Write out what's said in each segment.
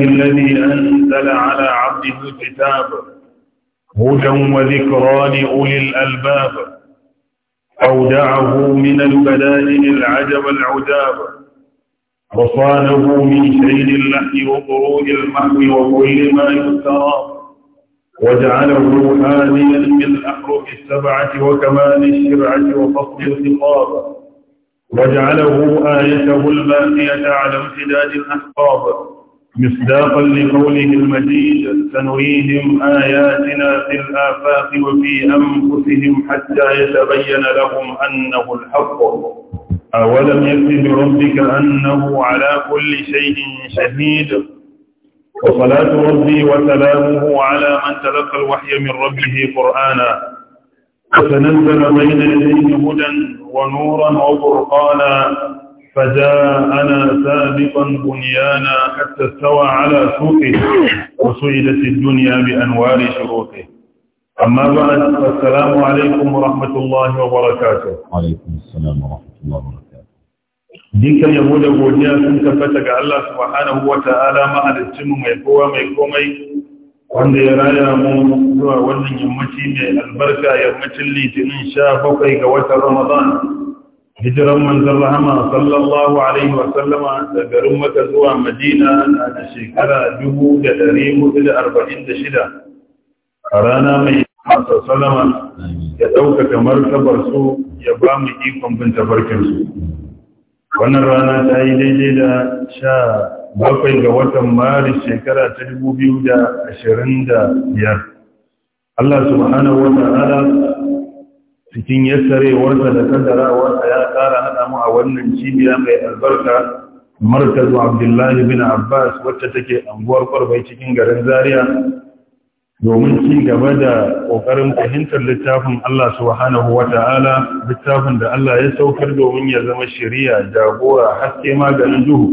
الذي أنزل على عبده الكتاب هدى وذكرى لأولي الألباب أودعه من البدائل العجب العجاب وصانه من شيل اللحم وطروء المحو وكل ما يسترى وجعله هاديا الأحرف السبعة وكمال الشرعة وفصل الخطاب وجعله آيته الباقية على امتداد الأحقاب مصداقا لقوله المجيد سنريهم آياتنا في الآفاق وفي أنفسهم حتى يتبين لهم أنه الحق أولم يكتب بربك أنه على كل شيء شهيد وصلاة ربي وسلامه على من تلقى الوحي من ربه قرآنا وتنزل بين يديه هدى ونورا وفرقانا فجاءنا سابقا بنيانا حتى استوى على سوقه وسعدت الدنيا بأنوار شروطه أما بعد فالسلام عليكم ورحمة الله وبركاته وعليكم السلام ورحمة الله وبركاته دينك يقول بوديا كنت فتك الله سبحانه وتعالى مع الاسم ميقوى ميقومي wanda ya وأن يرى يا wannan وأن يمشي البركة yammacin litinin sha bakwai ga watan ramadan hijiran manzan rahama sallallahu alaihi wasallama da garin maka zuwa madina na da shekara 1446 a rana mai masu salama ya ɗaukaka su ya ba mu ikon binta tafarkinsu wannan rana ta yi daidai da sha bakwai ga watan maris shekara ta 2025 Allah subhanahu wa ta'ala cikin yassarewarsa da kaddarawarsa ya kara haɗa mu a wannan cibiya mai albarka markazu abdullahi bin abbas wacce take anguwar kwarbai cikin garin zaria domin ci gaba da kokarin fahimtar littafin allah subhanahu wa ta'ala littafin da allah ya saukar domin ya zama shari'a jagora haske maganin duhu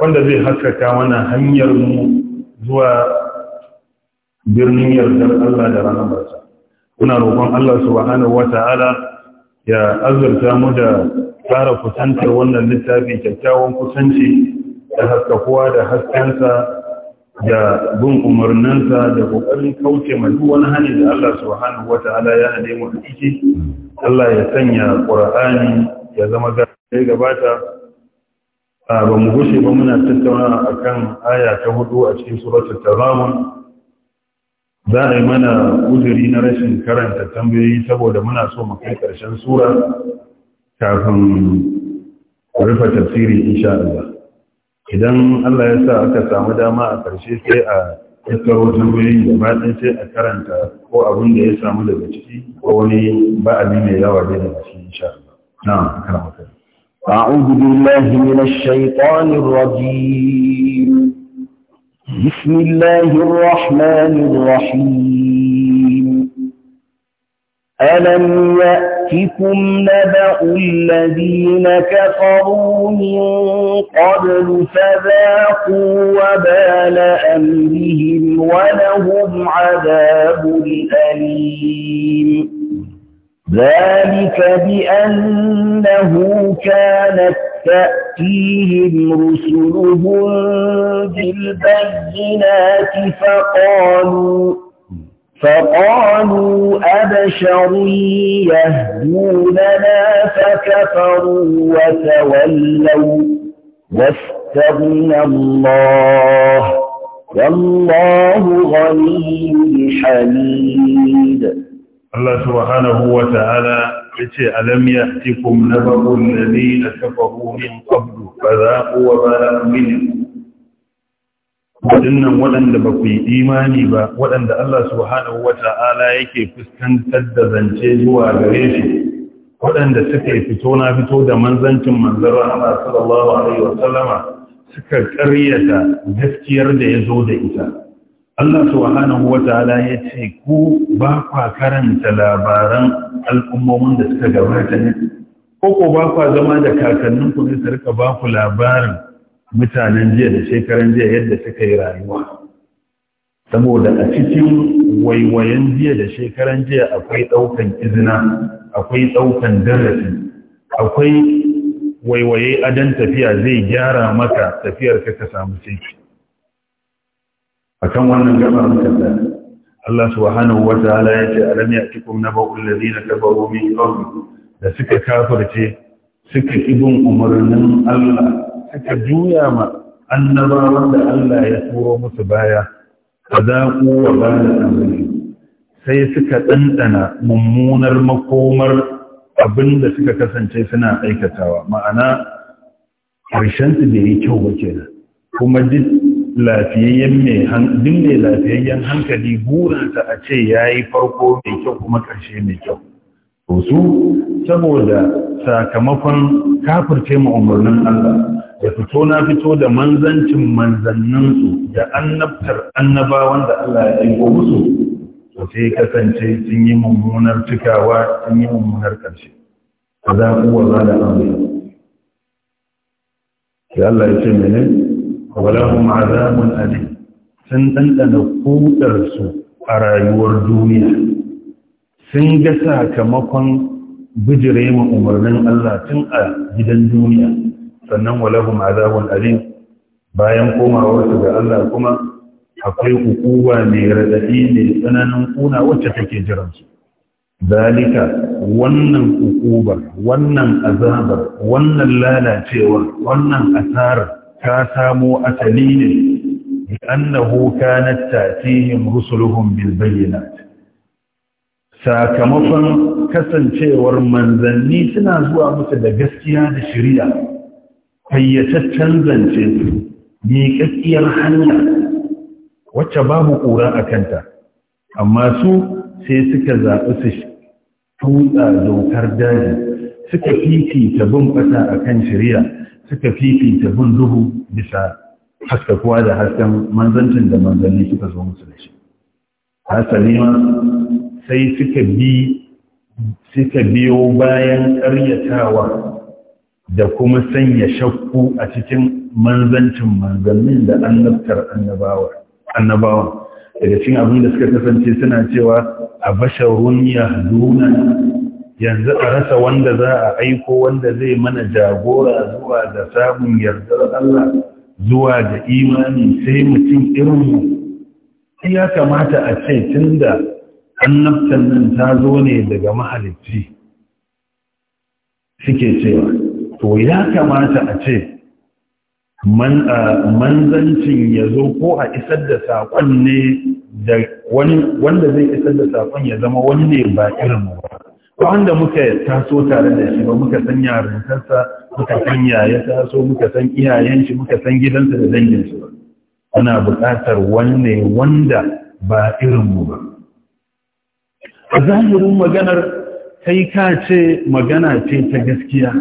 wanda zai haskaka mana hanyar mu zuwa birnin yardar allah da ranar barsa Kuna roƙon Allah subhanahu wata'ala ya azurta mu da tsara kusantar wannan littafi kyakkyawan kusanci da haska kuwa da haskensa da bin umarninsa da ƙoƙarin kauce mai duk wani hali da Allah subhanahu wata'ala ya hade mu a ciki Allah ya sanya ƙur'ani ya zama Zai gabata ba mu gushe ba muna tattauna kan aya ta hudu a cikin suratul tazamum za a yi mana uzuri na rashin karanta tambayoyi saboda muna so mu kai ƙarshen sura kafin rufe tafsiri insha Allah idan Allah ya sa aka samu dama a ƙarshe sai a tattaro tambayoyi da ba sai a karanta ko abin da ya samu daga ciki ko wani ba'abi mai yawa da daga ciki insha Allah na'am karamata أعوذ بالله من الشيطان الرجيم بسم الله الرحمن الرحيم ألم يأتكم نبأ الذين كفروا من قبل فذاقوا وبال أمرهم ولهم عذاب أليم ذلك بأنه كانت تأتي تأتيهم رسلهم بالبينات فقالوا فقالوا أبشر يهدوننا فكفروا وتولوا واستغنى الله والله غني حميد الله سبحانه وتعالى yace alam ya'tikum nabahu alladhina kafaru min waɗannan waɗanda ba ku yi imani ba waɗanda Allah subhanahu wata'ala yake fuskantar da zance zuwa gare shi waɗanda suka yi fito na fito da manzancin manzara Allah sallallahu alaihi wa sallama suka ƙaryata gaskiyar da ya zo da ita Allah subhanahu wa ta'ala ya ce ku ba kwa karanta labaran al'ummomin da suka gabata ne ko ko ba kwa zama da kakannin ku ne su ba ku labarin mutanen jiya da shekaran jiya yadda suka yi rayuwa saboda a cikin waiwayen jiya da shekaran jiya akwai ɗaukan izina akwai ɗaukan darasi akwai waiwaye ajan tafiya zai gyara maka tafiyar ka ka samu ciki akan wannan gaba muka Allah subhanahu Ta'ala ya ce alam ya'tikum naba'ul ladina kafaru min qabl da suka kafirce suka ibin umarnin Allah suka juya ma annabawan da Allah ya turo musu baya fa zaqu wa bala amri sai suka ɗanɗana mummunar makomar abin da suka kasance suna aikatawa ma'ana Su bai yi kyau ba kenan kuma duk lafiyayyen mai din mai lafiyayyen hankali burinsa a ce ya yi farko mai kyau kuma karshe mai kyau to su saboda sakamakon kafirce ma umarnin Allah da fito na fito da manzancin manzanninsu da annabtar annabawan da Allah ya aiko musu to sai kasance sun yi mummunar cikawa sun yi mummunar ƙarshe ba za ku wa da amuri ya Allah ya ce mene walahum azabun alim sun dandana kudar su a rayuwar duniya sun ga sakamakon bijire ma umarnin Allah tun a gidan duniya sannan walahum azabun alim bayan komawar su ga Allah kuma akwai hukuma mai radadi ne tsananin kuna wacce take jiran su zalika wannan hukubar wannan azabar wannan lalacewar wannan asarar Ka samo asali ne bi annahu kanat tatihim rusuluhum bil bayyinat sakamakon kasancewar manzanni suna zuwa musu da gaskiya da shari'a fayyataccen zance miƙaƙƙiyar hanya wacce babu ƙura a kanta amma su sai suka zaɓi su tutsa dokar daji suka fifita bin fata a kan shari'a suka fifita bin duhu bisa haskakuwa da hasken manzancin da manzanni suka zo musu da shi hasali ma sai suka bi biyo bayan ƙaryatawa da kuma sanya shakku a cikin manzancin manzannin da annabtar annabawa daga cikin abin da suka kasance suna cewa a basharun yahduna yanzu a rasa wanda za a aiko wanda zai mana jagora zuwa ga samun yardar Allah zuwa ga imani sai mutum irinmu sai ya kamata a ce tun da annabtan nan ta zo ne daga mahalicci suke cewa to ya kamata a ce manzancin ya zo ko a isar da saƙon ne wanda zai isar da saƙon ya zama wani ne ba irin mu ba wanda muka taso tare da shi ba muka san yarintarsa muka san yaya taso muka san iyayen shi muka san gidansa da danginsu ba ana buƙatar wanne wanda ba irin mu ba a zahirin maganar kai ka ce magana ce ta gaskiya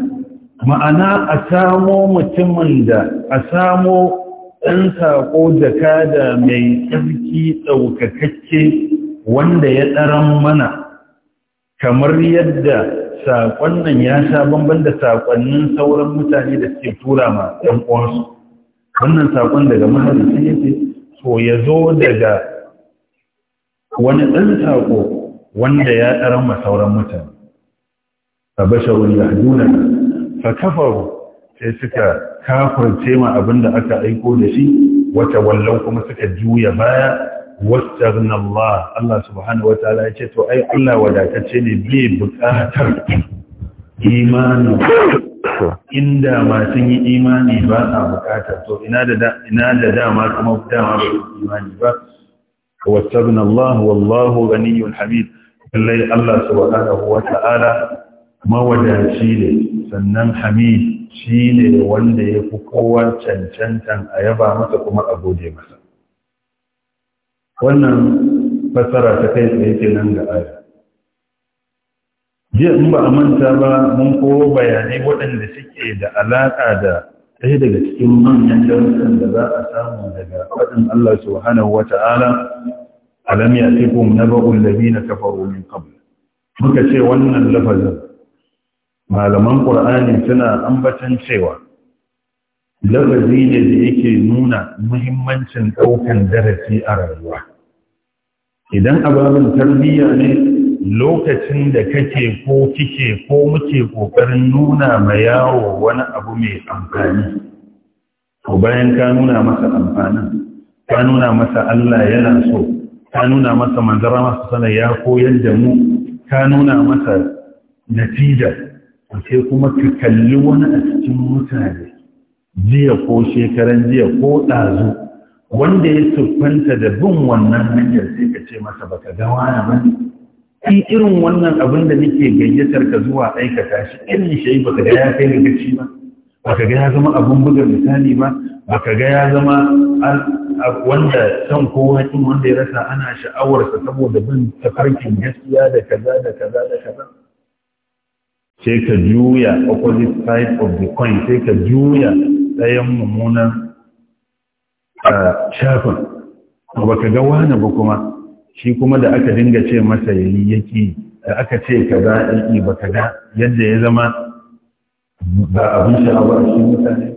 ma'ana a samo mutumin da a samo ɗan saƙo da mai tsarki ɗaukakakke wanda ya ɗaran mana kamar yadda saƙon nan ya sha bamban da saƙonnin sauran mutane da suke tura ma ɗan uwansu wannan saƙon daga ya ce, so ya zo daga wani ɗan saƙo wanda ya ɗaran ma sauran mutane a basharun yahduna fa kafaru sai suka kafarce ma abin da aka aiko da shi wata wallon kuma suka juya baya wastaghna Allah Allah subhanahu wataala yace to ai Allah wadatacce ne buƙatar imani inda ma sun yi imani ba a buƙatar to ina da ina da dama kuma dama ba imani ba wastaghna Allah wallahu ghaniyyun hamid lallai Allah subhanahu wataala mawadaci ne sannan hamid shine wanda ya fi kowa cancantan a yaba masa kuma a gode masa wannan fassara ta kai tsaye ke nan ga aya jiya in ba a manta ba mun kowo bayanai waɗanda suke da alaƙa da ɗaya daga cikin manyan darussan da za a samu daga faɗin Allah subhanahu wa ta'ala alam ya tikum naba'ul ladina kafaru min qabl muka ce wannan lafazin malaman ƙur'ani suna ambatan cewa lafazi ne da yake nuna muhimmancin ɗaukan darasi a rayuwa idan ababen tarbiyya ne lokacin da kake ko kike ko muke ƙoƙarin nuna ma yawo wani abu mai amfani ko bayan ka nuna masa amfanin ka nuna masa Allah yana so ka nuna masa manzara masa sana ya koyar da mu ka nuna masa natija sai kuma ka kalli wani a cikin mutane jiya ko shekaran jiya ko ɗazu wanda ya siffanta da bin wannan hanyar sai ka ce masa baka ga wani ba in irin wannan abin da nake gayyatar ka zuwa aikata shi irin shi baka ga ya kai gaci ba baka ga ya zama abin buga misali ba baka ga ya zama wanda san kowa kin wanda ya rasa ana sha'awarsa saboda bin tafarkin gaskiya da kaza da kaza da kaza sai ka juya opposite side of the coin sai ka juya ɗayan mummunan shafin ba ka ga wani ba kuma shi kuma da aka dinga ce masa yayi yaki da aka ce ka za yaki ba ka ga yadda ya zama ba abin sha'awa a shi mutane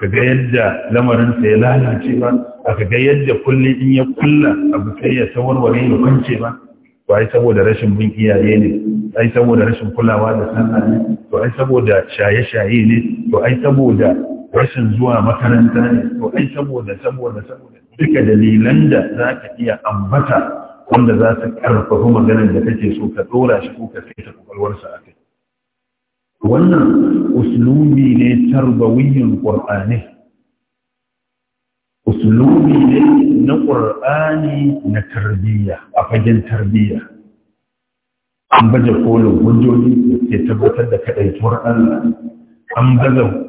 ka ga yadda lamarinsa ya lalace ba ka ga yadda kullum in ya kulla abu sai ya tawarware ya kwance ba to ai saboda rashin bin iyaye ne ai saboda rashin kulawa da sallah ne to ai saboda shaye-shaye ne to ai saboda rashin zuwa makaranta ne to ai saboda saboda saboda duka dalilan da za ka iya ambata wanda za su karfafa maganar da kake so ka dora shi ko ka saita kwakwalwarsa a kai wannan uslubi ne tarbawiyin qur'ani uslubi ne na qur'ani na tarbiyya a fagen tarbiyya an baje kolin hujjoji da ke tabbatar da kadaituwar Allah an baza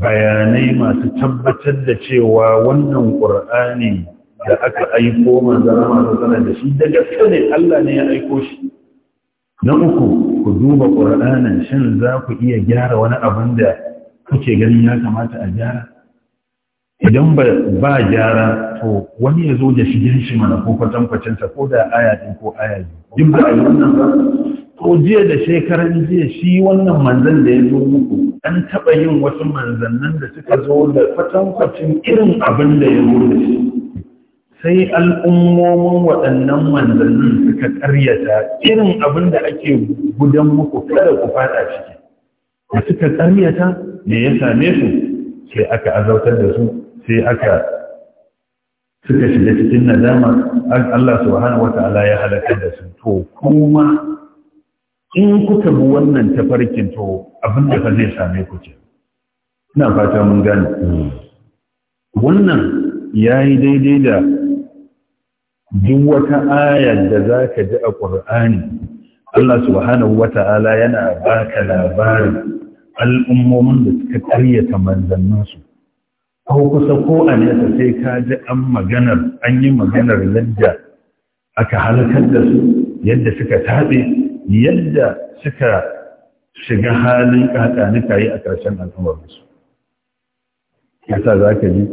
bayanai masu tabbatar da cewa wannan ƙur'ani da aka aiko manzana masu sanar da shi da gaske ne Allah ne ya aiko shi na uku ku duba ƙur'anin shin za ku iya gyara wani abin da kuke ganin ya kamata a gyara idan ba gyara to wani ya zo da shi shi mana ko kwatankwacinsa ko da aya ɗin ko aya biyu duk da a yi wannan ba ko jiya da shekaran jiya shi wannan manzan da ya zo muku an taɓa yin wasu manzannin da suka zo da kwatankwacin irin abin da ya zo da shi sai al'ummomin waɗannan manzannin suka ƙaryata irin abin da ake gudan muku kada ku faɗa ciki da suka ƙaryata me ya same su sai aka azautar da su sai aka suka shiga cikin nadama Allah subhanahu ala ya halaka da su to kuma in kuka bi wannan tafarkin to abin da ka zai same ku ce ina fata mun gane wannan yayi daidai da duk wata aya da zaka ji a Qur'ani Allah subhanahu wata'ala yana ka labarin al'ummomin da suka karyata manzanninsu ko kusa ko a nesa sai ka ji an maganar an yi maganar yadda aka halakar da su yadda suka taɓe yadda suka shiga halin ƙaƙanika yi a ƙarshen al'ummarsu. Yasa za ka ji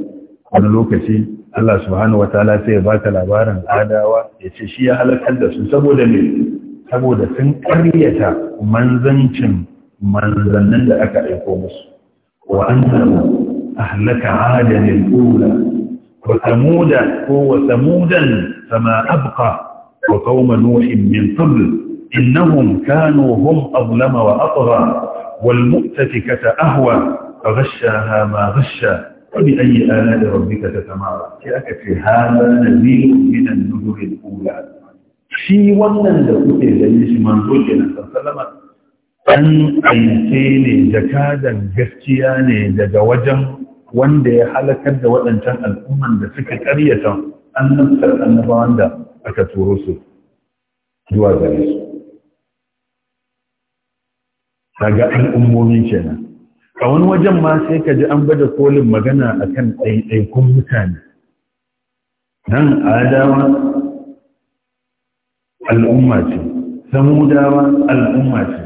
wani lokaci Allah subhanahu wa ta'ala sai ya ba ka labarin adawa ya ce shi ya halakar da su saboda ne saboda sun ƙaryata manzancin manzannin da aka aiko musu. Wa an أهلك عادا الأولى وثمودا هو ثمودا فما أبقى وقوم نوح من قبل إنهم كانوا هم أظلم وأطغى والمؤتفكة أهوى فغشاها ما غشا وبأي آلاء ربك تتمارى كأك في هذا نزيل من النذر الأولى في ومن دقوتي لأنش من ذلك نحن أن أيسين زكادا قفتيان دقا وجم وندي حالك الدواء أن تنقى الأمم بسكة أرية أن نمسك النظام دا أكتورسه دوازاليسو kaga al'ummomi kenan a wani wajen ma sai ka ji an bada kolin magana a kan ɗaiɗaikun mutane nan adawa al'umma ce samudawa al'umma ce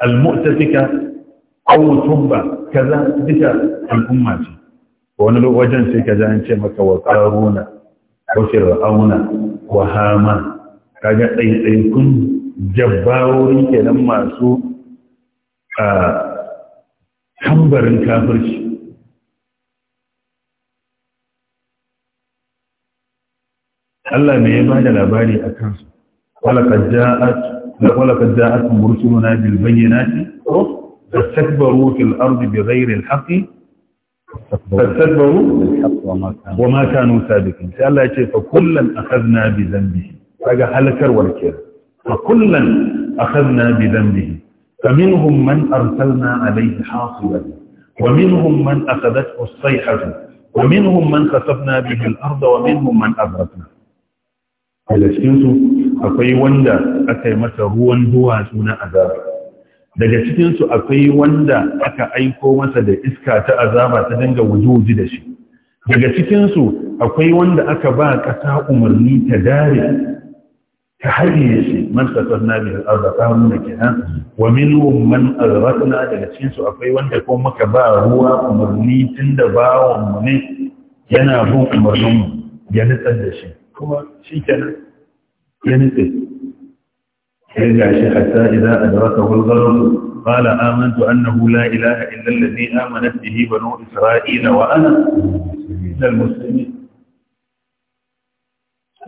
almu'tafika ka za kaza duka al'umma ce wani wajen sai ka ji an ce maka wa ƙaruna ko fir'auna ko hama kaga ɗaiɗaikun jabbawori kenan masu a tambarin kafirci Allah mai ya bada labari a kansu walakad ja'at mursuluna bil bayyinati fastakbaru fil ardi bighayri al haqqi fastakbaru wa ma kanu sabiqin sai Allah ya ce fa kullan akhadna bi dhanbihi kaga halakarwar kenan fa kullan akhadna bi dhanbihi فمنهم من أرسلنا عليه حاصبا ومنهم من أخذته الصيحة ومنهم من خسفنا به الأرض ومنهم من أغرقنا daga cikinsu akwai wanda aka yi masa ruwan duwatsu na azaba daga cikinsu akwai wanda aka aiko masa da iska ta azaba ta dinga wujuji da shi daga cikinsu akwai wanda aka ba ƙasa umarni ta dare ta hajiye shi man tasarna bi al-ardh kamuna kenan wa minhum man azratna daga cikin su akwai wanda ko muka ba ruwa umarni tunda bawon mu ne yana bin umarnin mu ya nitsar da shi kuma shi kenan ya nitsar sai ga shi hatta idan adraka wal gharar qala amantu annahu la ilaha illa alladhi amanat bihi banu isra'ila wa ana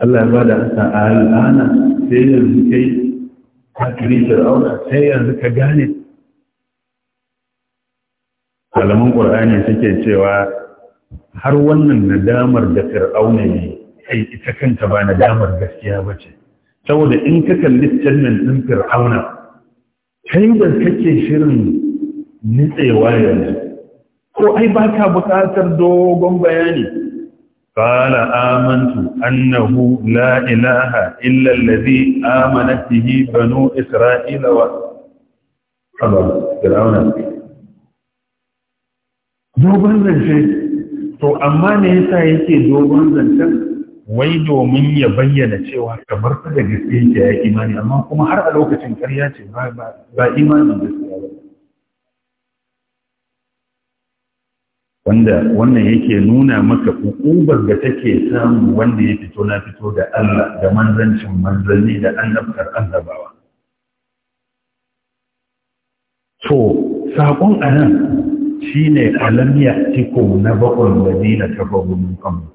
Allah ya bada asa a al'ana sai yanzu kai ka kiri fir'auna sai yanzu ka gane malaman ƙur'ani suke cewa har wannan nadamar da fir'auna ne kai ita kanta ba nadamar gaskiya ba ce saboda in ka kalli cannan ɗin fir'auna kai da kake shirin nitsewa yanzu ko ai ba ka buƙatar dogon bayani قال آمنت أنه لا إله إلا الذي Banu, Isra'ila, بنو إسرائيل و dogon zance to amma ne yasa yake dogon zancen wai domin ya bayyana cewa kamar fa da gaske yake ya imani amma kuma har a lokacin karya ce ba ba imani gaske wanda wannan yake nuna maka hukubar da take samu wanda ya fito na fito da Allah da manzancin manzanni da annabtar annabawa to saƙon a nan shi ne alamiya tiko na bakon madina ta babban kanmu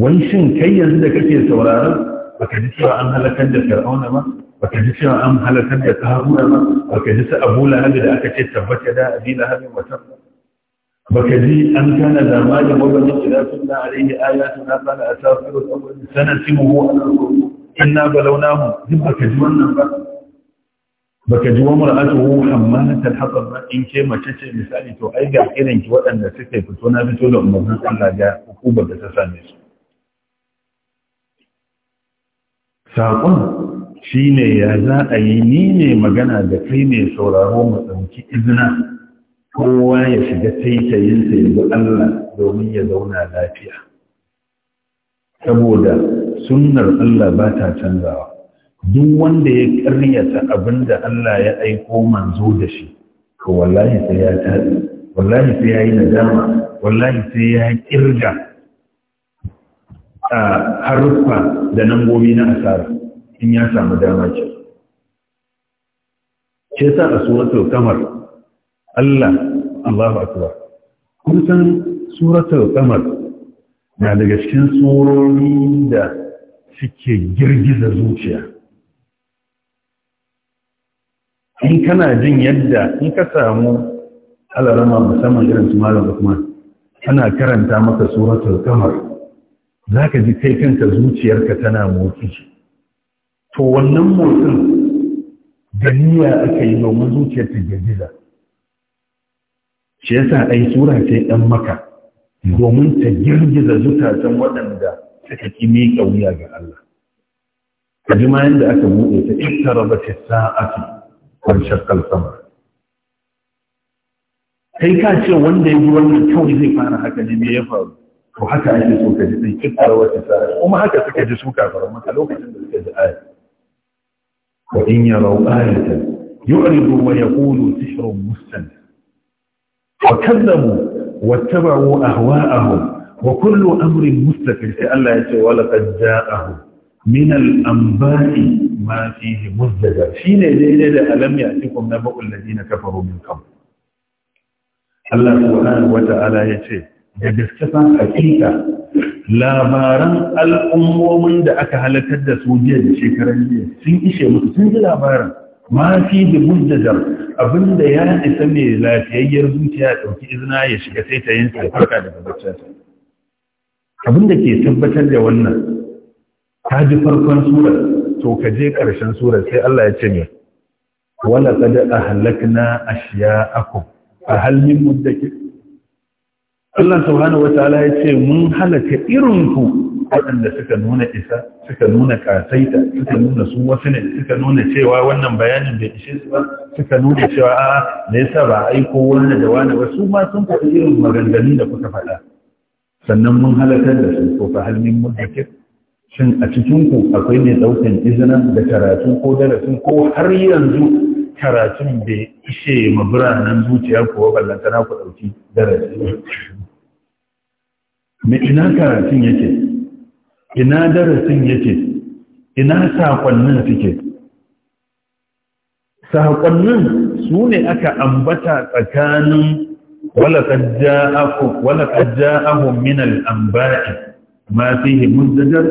wai shin kai yanzu da kake sauraron baka ji cewa an halakar da fir'auna ba baka ji cewa an halakar da karuna ba baka ji su abu da aka ce tabbata da abi lahabin wata ba baka ji an kana labarin wajen idan sunna alaihi ayatu na kana asafiru awwal sanatimuhu ala inna balawnahu duk baka ji wannan ba baka ji wa mar'atuhu hammalat al-hatab ba in ke mace ce misali to ai ga irin ki waɗanda suke fito na fito da umarnin Allah ga hukumar da ta same su saƙon shine ya za a yi ni ne magana da kai ne sauraro mu ɗauki izina kowa ya shiga taitayinsa ya bi Allah domin ya zauna lafiya saboda sunnar Allah ba ta canzawa duk wanda ya karyata abin da Allah ya aiko manzo da shi to wallahi sai ya taɗi wallahi sai ya yi nadama wallahi sai ya kirga a haruffa da nangomi na asara in ya samu dama ce. Ce sa a suwatar kamar Allah Allahu akbar kun san suratul qamar na daga cikin surori da suke girgiza zuciya in kana jin yadda in ka samu alarama musamman irin su malam Usman ana karanta maka suratul qamar zaka ji kai kanka zuciyarka tana motsi to wannan motsin ganiya aka yi domin zuciyar ta girgiza shi yasa ai sura ce dan maka domin ta girgiza zukatan waɗanda suka ki miƙa wuya ga Allah ka ji ma yanda aka buɗe ta iktarabat as-sa'atu wa shakkal sama. kai ka ce wanda ya ji wannan kawai zai fara haka ne me ya faru to haka ake so ka ji sai kikkara wata sa'a kuma haka suka ji su kafaran maka lokacin da suka ji aya wa in yarau ayatan yu'ridu wa yaqulu sihrun mustanad وكذبوا واتبعوا أهواءهم وكل أمر مستقل الله يتي ولقد جاءهم من الأنباء ما فيه مزدجر شين دليل ألم يأتكم نبأ الذين كفروا من قبل Allah subhanahu wata'ala ya ce da gaskata hakika labaran al'ummomin da aka halakar da su jiya da shekaran jiya sun ishe musu sun ji labaran ma fi da mujjadar abinda ya isa mai lafiyayyar zuciya ya ɗauki izina ya shiga sai ta yin farka daga baccinsa abinda ke tabbatar da wannan ta ji farkon surar to ka je ƙarshen surar sai Allah ya ce ne wala qad ahlakna ashya'akum fa hal min muddakir Allah subhanahu wataala ya ce mun halaka irinku waɗanda suka nuna isa suka nuna kasaita suka nuna su wasu ne suka nuna cewa wannan bayanin bai ishe su ba suka nuna cewa a me yasa ba aiko wannan da wani su ma sun faɗi irin maganganu da kuka faɗa sannan mun halartar da su ko fa hal shin a cikin ku akwai mai daukan izina da karatu ko darasin ko har yanzu karatun bai ishe ma biranen zuciya ko ballantana ku dauki darasi me ina karatun yake ina darasin yake ina saƙonnin suke saƙonnin su ne aka ambata tsakanin walaƙad ja'ahun min al'amba'i ma fihi muzdajar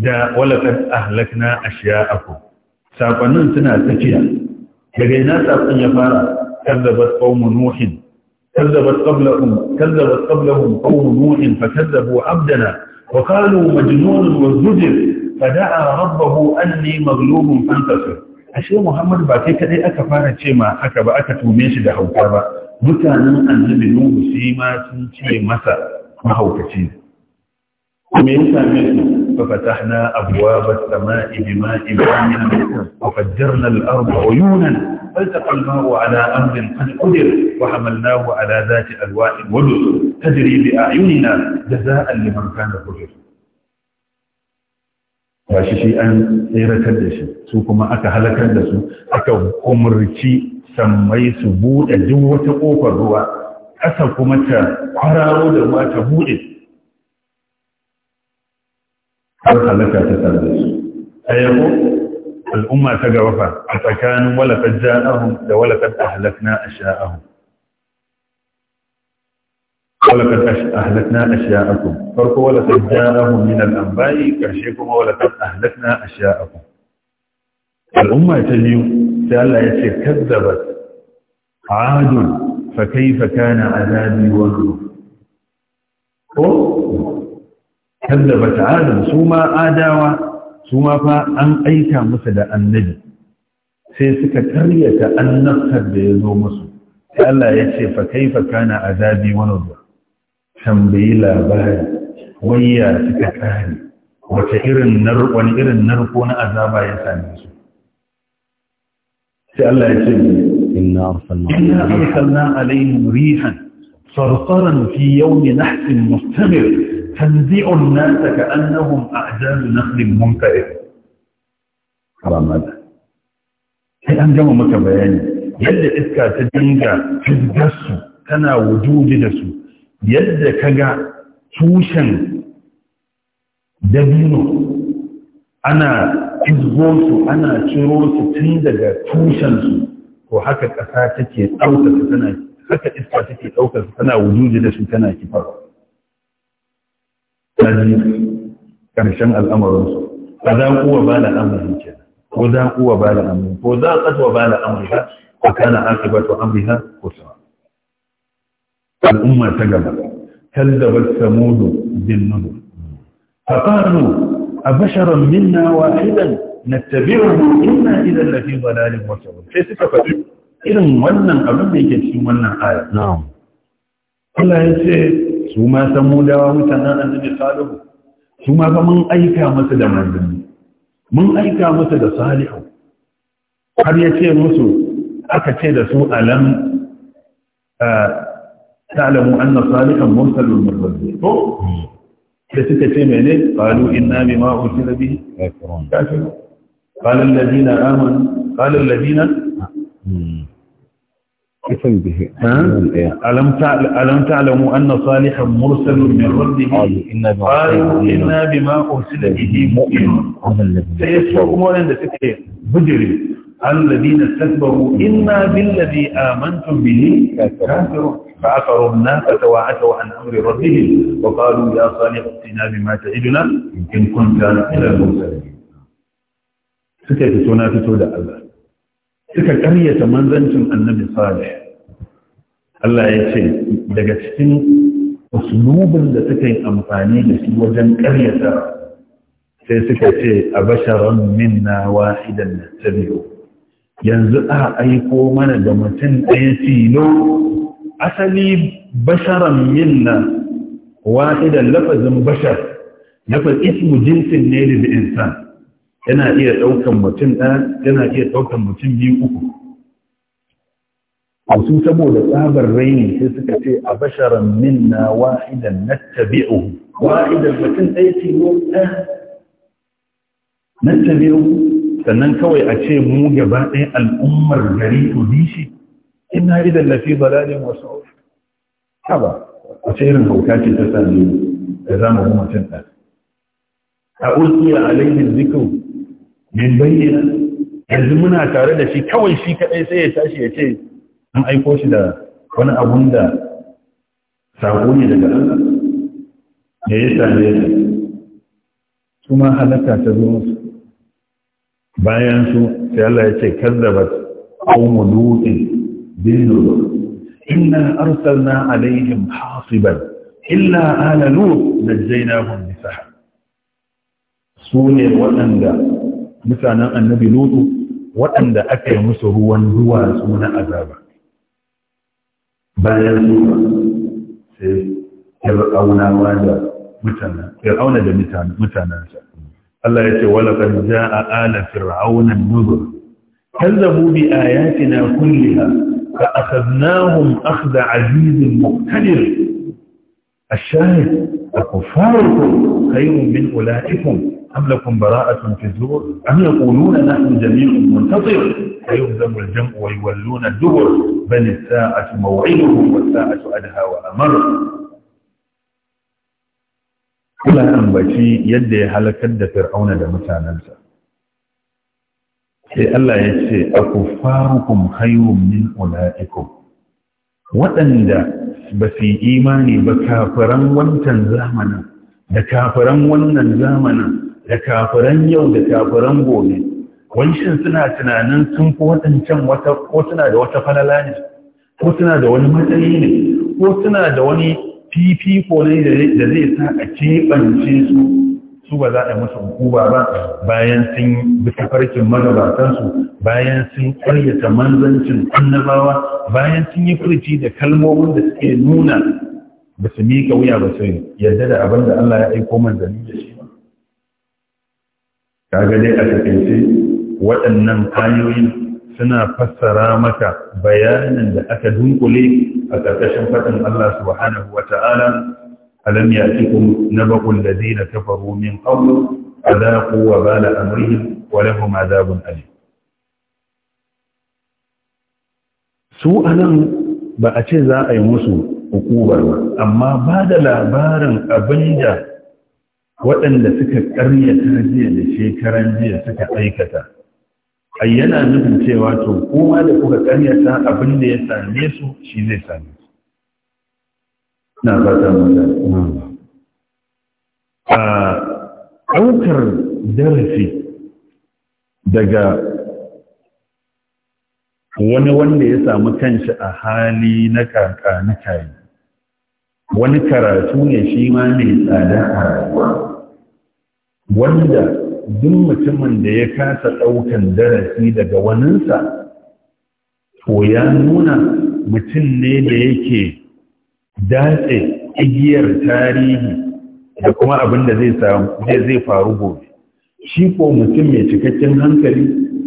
da walaƙad ahlakna ashiya'akum saƙonnin suna tafiya daga ina saƙon ya fara kazzabat qaumun nuhin kazzabat qablahum kazzabat qablahum qaumun nuhin abdana وقالوا مجنون وزجر فدعا ربه أني lobin فانتصر ashe Muhammad ba kai kadai aka fara cema haka ba aka tume shi da hauka ba mutanen annabi Nuhu sai ma sun ce masa mahaukaci me yasa ne fa fatahna abwaab as-samaa'i bima'in min wa fajjarna al-ardha uyunan faltaqa al-ma'u ala amrin qad qadir wa hamalnahu ala dhati alwa'in wa dus tajri bi a'yunina jazaa'an liman kana qadir wa shi shi an tsiratar da shi su kuma aka halakar da su aka umurci sammai su buɗe duk wata ƙofar ruwa ƙasa kuma ta kwararo da ruwa ta buɗe أرخى لك تتلبس فيقول الأمة تجعفة فكانوا ولا فجاءهم ولقد أهلكنا أشياءهم ولقد أهلكنا أشياءكم فرقوا ولقد جاءهم من الأنباء كشيكم ولقد أهلكنا أشياءكم الأمة تجيو سأل الله يتكذبت عاد فكيف كان عذابي وغرف kazzaba ta'adam su ma adawa su ma fa an aika musu da annabi sai suka karyata annabtar da ya zo musu sai Allah ya ce fa kai kaifa kana azabi wani ruwa. tambayi labari wayya suka kare wace irin narko wani irin narko na azaba ya same su sai Allah ya ce inna arsalna inna arsalna alaihim rihan صرصرا في يوم نحس مستمر تنزع الناس كأنهم أعجاز na منفئر حرام هذا sai an gama maka bayani yadda iska ta dinga fisgarsu tana wujudi da su yadda ka ga tushen dabino ana fisgo ana ciro su tun daga tushensu ko haka ƙasa take ɗaukar tana haka iska take ɗaukar tana wujudi da su tana kifar. kaji karshen al'amuransu, ba za kuwa ba da amurin ke ko za kuwa ba da amurin ko za tsatwa ba da amurka ko kana akibatu amurka ko sama al'umma ta gaba kallabar samudu bin nudu faƙaru a basharan minna idan na tabi'ahu inna idan lafi balalin wata wani. sai suka faɗi irin wannan abin da yake cikin wannan aya Allah ya ce su ma san mu dawa mutanen annabi salihu su ma fa mun aika masa da manzanni mun aika masa da salihu har ya ce musu aka ce da su alam ta'lamu anna salihan mursalun min rabbi to da suka ce mene qalu inna bima ursila bihi kafirun qala alladhina amanu qala alladhina اسم به إيه؟ ألم تعلموا أن صالحا مرسل من ربه قالوا إنا بما أرسل به مؤمن سيسوكم ولن تكتير بجري الذين استكبروا إنا بالذي آمنتم به كافرون فعقروا وعتوا عن أمر ربهم وقالوا يا صالح ائتنا بما تعدنا إن كنت من المرسلين سكت سنة تولى الله suka karyata manzancin annabi salih Allah ya ce daga cikin uslubin da suka yi amfani da shi wajen karyata sai suka ce a basharan minna wahidan tabiyo yanzu a aiko mana da mutum ɗaya tilo asali basharan minna wahidan lafazin bashar lafaz ismu jinsin ne da insan yana iya ɗaukan mutum ɗaya yana iya ɗaukan mutum biyu uku a su saboda tsabar raini sai suka ce a basharan minna wa'idan na tabi'u wa'idan mutum ɗaya tilo ɗaya na tabi'u sannan kawai a ce mu gaba ɗaya al'ummar gari ku bi shi ina idan lafi balalin wasu haba a ce irin hauka ce ta sami da zamu mutum ɗaya a ulkiya alaihin zikiru min bayyana yanzu muna tare da shi kawai shi kadai sai ya tashi ya ce an aiko shi da wani abun da sako ne daga Allah me ya same su? ma halatta ta zo musu bayan su sai Allah ya ce kazzabat qaumu lutin bin nur inna arsalna alaihim hasiban illa ala lut najaynahum bisahar su ne waɗanda mutanen annabi lutu waɗanda aka yi musu ruwan duwatsu na azaba bayan zuwa sai fir'aunawa da mutanen fir'auna da mutanensa Allah ya ce wala kan ja'a ala fir'auna nuzur kazzabu bi ayatina kulliha fa akhadnahum akhda azizin muqtadir ash-shahid أكفاركم خير من أولئكم أم لكم براءة في الزور أم يقولون نحن جميع منتصر فيهزم الجمع ويولون الدبر بل الساعة موعدهم والساعة أدهى وأمر كل أن بشي يدي halakar فرعون fir'auna da mutanensa sai Allah ya ce aku farukum khayrun ba su yi imani ba kafiran wancan zamanin da kafiran wannan zamanin da kafiran yau da kafiran gobe wancan suna tunanin sun fi waɗancan wata ko suna da wata falala ne ko suna da wani matsayi ne ko suna da wani fifiko ne da zai sa a keɓance su su ba za a musu hukuma ba bayan sun bi tafarkin magabatansu bayan sun karyata manzancin annabawa bayan sun yi furci da kalmomin da suke nuna ba su miƙa wuya ba su yarda da abin da Allah ya aiko manzanni da shi ba kaga dai a takaice waɗannan hanyoyin suna fassara maka bayanin da aka dunkule a ƙarƙashin faɗin Allah subhanahu wa ألم يأتكم نبأ الذين كفروا من قبل أذاقوا وبال أمرهم ولهم عذاب أليم su a nan ba a ce za a yi musu hukubar ba amma ba da labarin abin da waɗanda suka ƙaryata jiya da shekaran jiya suka aikata ai yana nufin cewa to kuma da kuka ƙaryata abin da ya same su shi zai same su na a ɗaukar darasi daga wani wanda ya samu kanshi a hali na kaka na kayi wani karatu ne shi ma mai tsada a rayuwa wanda duk mutumin da ya kasa ɗaukan darasi daga waninsa to ya nuna mutum ne da yake Datse igiyar tarihi da kuma abin da zai faru gobe shi ko mutum mai cikakken hankali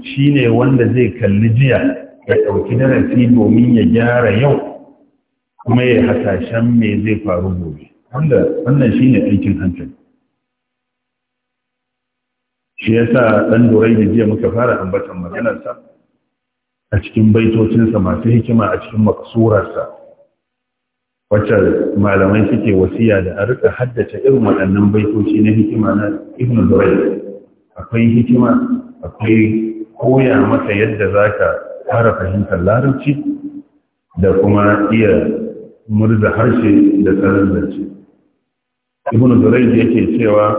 shine wanda zai kalli jiya ya ɗauki darasi domin ya gyara yau kuma ya hasashen me zai faru gobe wanda wannan shine aikin hankali shi yasa ɗan durai da jiya muka fara ambatan maganarsa a cikin baitocinsa masu hikima a cikin maksurarsa wacce malamai suke wasiya da a rika haddace irin waɗannan baitoci na hikima na ibn durai akwai hikima akwai koya maka yadda za ka fara fahimtar larabci da kuma iya murza harshe da tsarin zance ibn durai yake cewa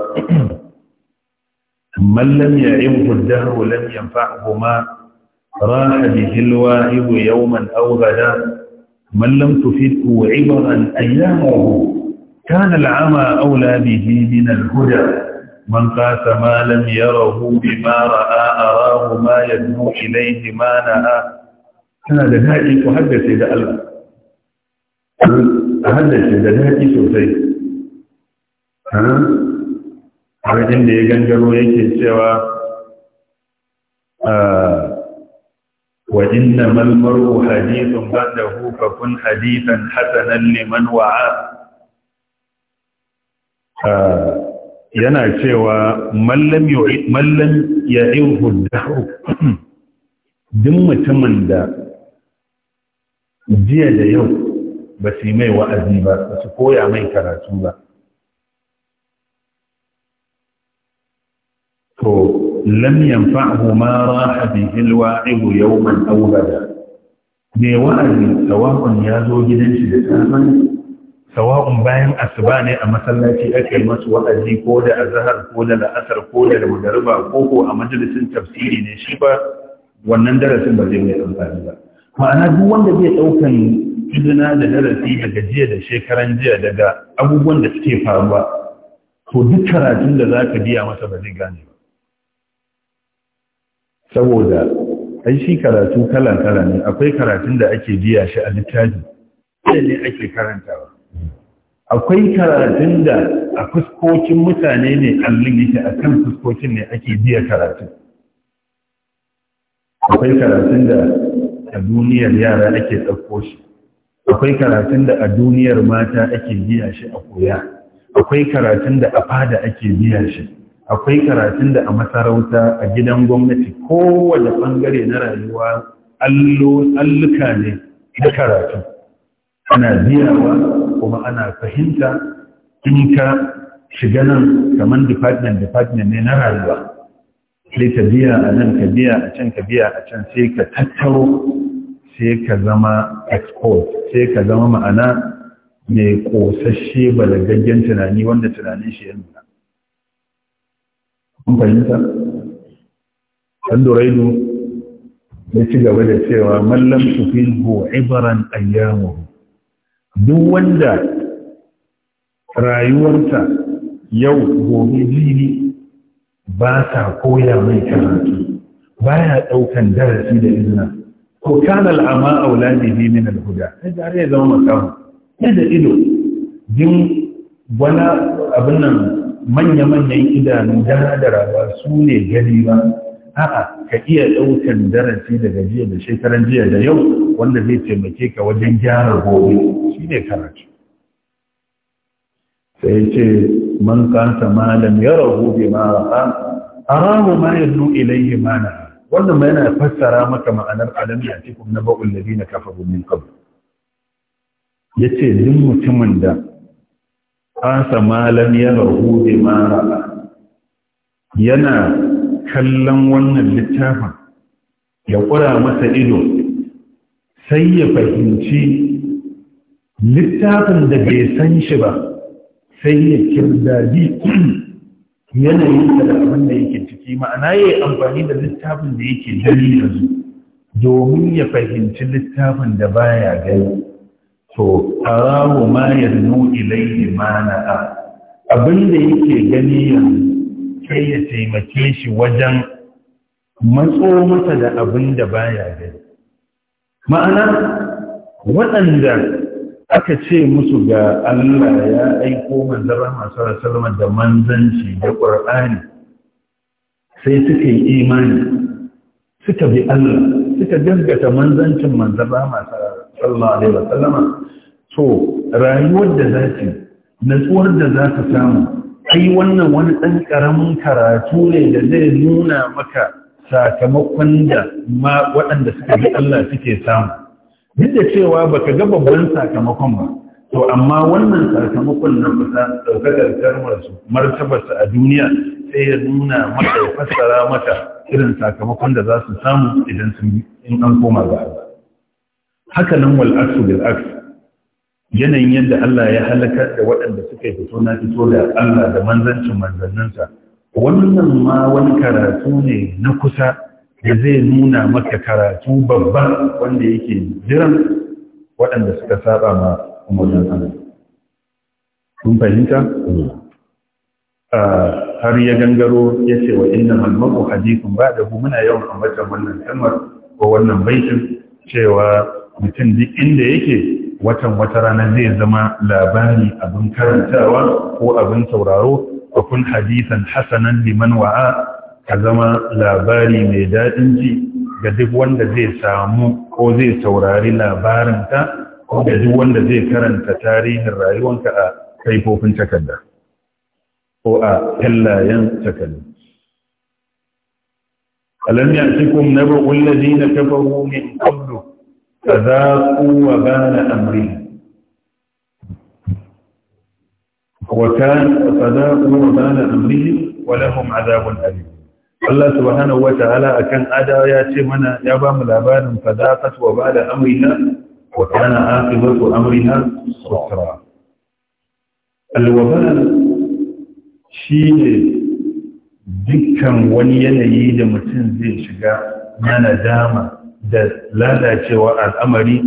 من لم يعبه الدهر لم ينفعه ما راح به الواهب yawman aw ghadan من لم تفده عبرا أيامه كان العمى أولى به من الهدى من قاس ما لم يره بما رأى أراه ما يدنو إليه ما نأى كان da daɗi ku haddace da Allah a ها ها daɗi sosai a wajen da ya وإنما المرء حديث بعده فكن حديثا حسنا لمن وعى yana cewa mallam mallam ya irhu dahu din mutumin da jiya da yau ba su mai wa'azi ba su koya mai karatu ba lam yanfa'hu ma raha bihi alwa'id yawman aw gada me wa'azi sawa'un ya zo gidan shi da safen sawa'un bayan asuba ne a masallaci ake yi masu wa'azi ko da azhar ko da la'asar ko da magariba ko ko a majalisin tafsiri ne shi ba wannan darasin ba zai mai amfani ba ma'ana duk wanda zai daukan izina da darasi daga jiya da shekaran jiya daga abubuwan da suke faruwa to duk karatun da zaka biya masa ba zai gane ba saboda ai shi karatu kala-kala ne akwai karatun da ake biya shi a littafi sai ne ake karantawa akwai karatun da a fuskokin mutane ne allin yake a kan fuskokin ne ake biya karatu. akwai karatun da a duniyar yara ake ɗauko shi akwai karatun da a duniyar mata ake biya shi a koya akwai karatun da a fada ake biya shi akwai karatun da a masarauta a gidan gwamnati kowane ɓangare na rayuwa alluka ne da karatu ana biyawa kuma ana fahimta in ka shiga nan kamar department department ne na rayuwa sai ka biya a nan ka biya a can ka biya a can sai ka tattaro sai ka zama export sai ka zama ma'ana mai kosashe balagaggen tunani wanda tunanin shi ya nuna kun fahimta an duraidu ya ci gaba da cewa mallam su fi ibaran ayyamu duk wanda rayuwarsa yau gobe jini ba sa koya mai karatu ba ya ɗaukan darasi da izina ko kana al'ama a wuladihi min al'huda, huda sai ya zama makamu sai da ido jin wani abin nan manya-manyan idanu da ba su ne gani ba a'a ka iya ɗaukan darasi daga jiya da shekaran jiya da yau wanda zai taimake ka wajen gyara gobe shi ne karatu sai ce man kanta malam ya rahu bi ma ra'a arahu ma ya zo ilayhi ma na wannan ma yana fassara maka ma'anar alam ya tikum na ba'ul ladina kafaru min qabl yace duk mutumin da asa malam yana hude mara yana kallon wannan littafin ya kura masa ido sai ya fahimci littafin da bai san shi ba sai ya kirdadi yanayin da abin da yake ciki ma'ana ya yi amfani da littafin da yake gani yanzu domin ya fahimci littafin da baya gani to tarawo ma yanzu ilaihi mana'a abin da yake gani yanzu ya taimake shi wajen matso masa da abin da baya gani ma'ana waɗanda aka ce musu ga Allah ya aiko manzara masu rasarwa da manzanci da ƙwar'ani sai suka yi imani suka bi Allah suka gaskata manzancin manzara masu sallallahu alaihi wasallam to rayuwar da zaki, natsuwar da za samu ai wannan wani ɗan ƙaramin karatu ne da zai nuna maka sakamakon da ma waɗanda suka bi Allah suke samu duk da cewa baka ga babban sakamakon ba to amma wannan sakamakon na kusa ɗaukakar karmarsu martabarsa a duniya sai ya nuna mata ya fassara maka irin sakamakon da za su samu idan sun in an koma ga Allah haka nan wal aksu yanayin yadda Allah ya halakar da waɗanda suka yi fito na fito da Allah da manzancin manzanninsa wannan ma wani karatu ne na kusa da zai nuna maka karatu babba wanda yake jiran waɗanda suka saba ma umarnin Allah kun fahimta har ya gangaro ya ce wa inna malmaku hadithun ba da muna yawan ambatan wannan kalmar ko wannan baitin cewa mutum duk inda yake watan wata rana zai zama labari abin karantawa ko abin sauraro wa kun hadisan hasanan liman wa'a ka zama labari mai daɗin ji ga duk wanda zai samu ko zai saurari labarinka ko ga duk wanda zai karanta tarihin rayuwanka a kaifofin takarda ko a tallayen takarda ألم يأتكم نبأ الذين كفروا من قبله فذاقوا وبال أمرهم وكان فذاقوا وبال أمرهم ولهم عذاب أليم Allah subhanahu wa ta'ala akan ada ya ce mana ya ba mu labarin fadaqat wa ba da amriha wa kana aqibatu amriha khusra alwabal shine dukkan wani yanayi da mutum zai shiga na dama. da lalacewa al'amari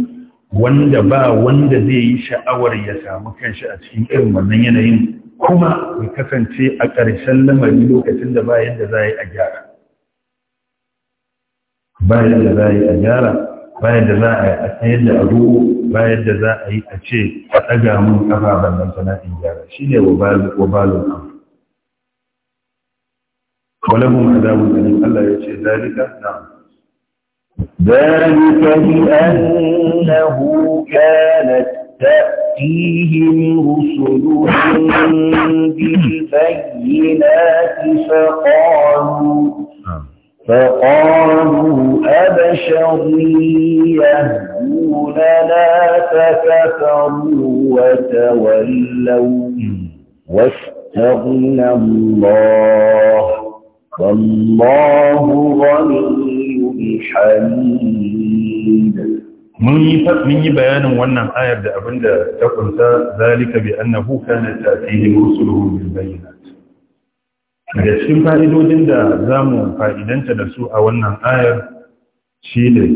wanda ba wanda zai yi sha'awar ya samu kanshi a cikin irin wannan yanayin kuma ya kasance a ƙarshen lamari lokacin da ba yadda za a yi a gyara ba yadda za a yi a gyara ba yadda za a yi a sayar da abu ba yadda za a yi a ce a ɗaga mun ƙafa bannan sana'in gyara shi ne wa balon abu ولهم عذاب allah ya ce zalika na'am ذلك بأنه كانت تأتيهم رسلهم بالبينات فقالوا فقالوا أبشر يهدوننا فكفروا وتولوا واستغنى الله والله غني حميد mun yi bayanin wannan ayar da abin da ta kunsa zalika bi annahu kana ta'tihim rusuluhum bil bayyinat da cikin fa'idodin da za mu fa'idanta da su a wannan ayar shi shine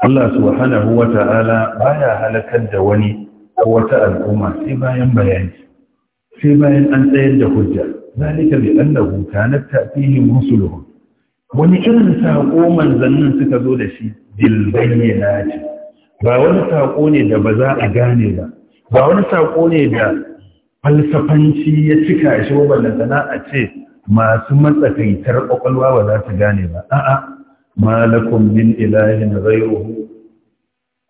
Allah subhanahu wata'ala baya halakar da wani ko wata al'umma sai bayan bayani sai bayan an tsayar da hujja zalika bi annahu kana ta'tihim rusuluhum wani irin saƙo manzannin suka zo da shi na ce ba wani saƙo ne da ba za a gane ba ba wani saƙo ne da falsafanci ya cika shi wanda sana a ce masu matsakaitar ƙwaƙwalwa ba za su gane ba a'a malakum min ilahin ghayruhu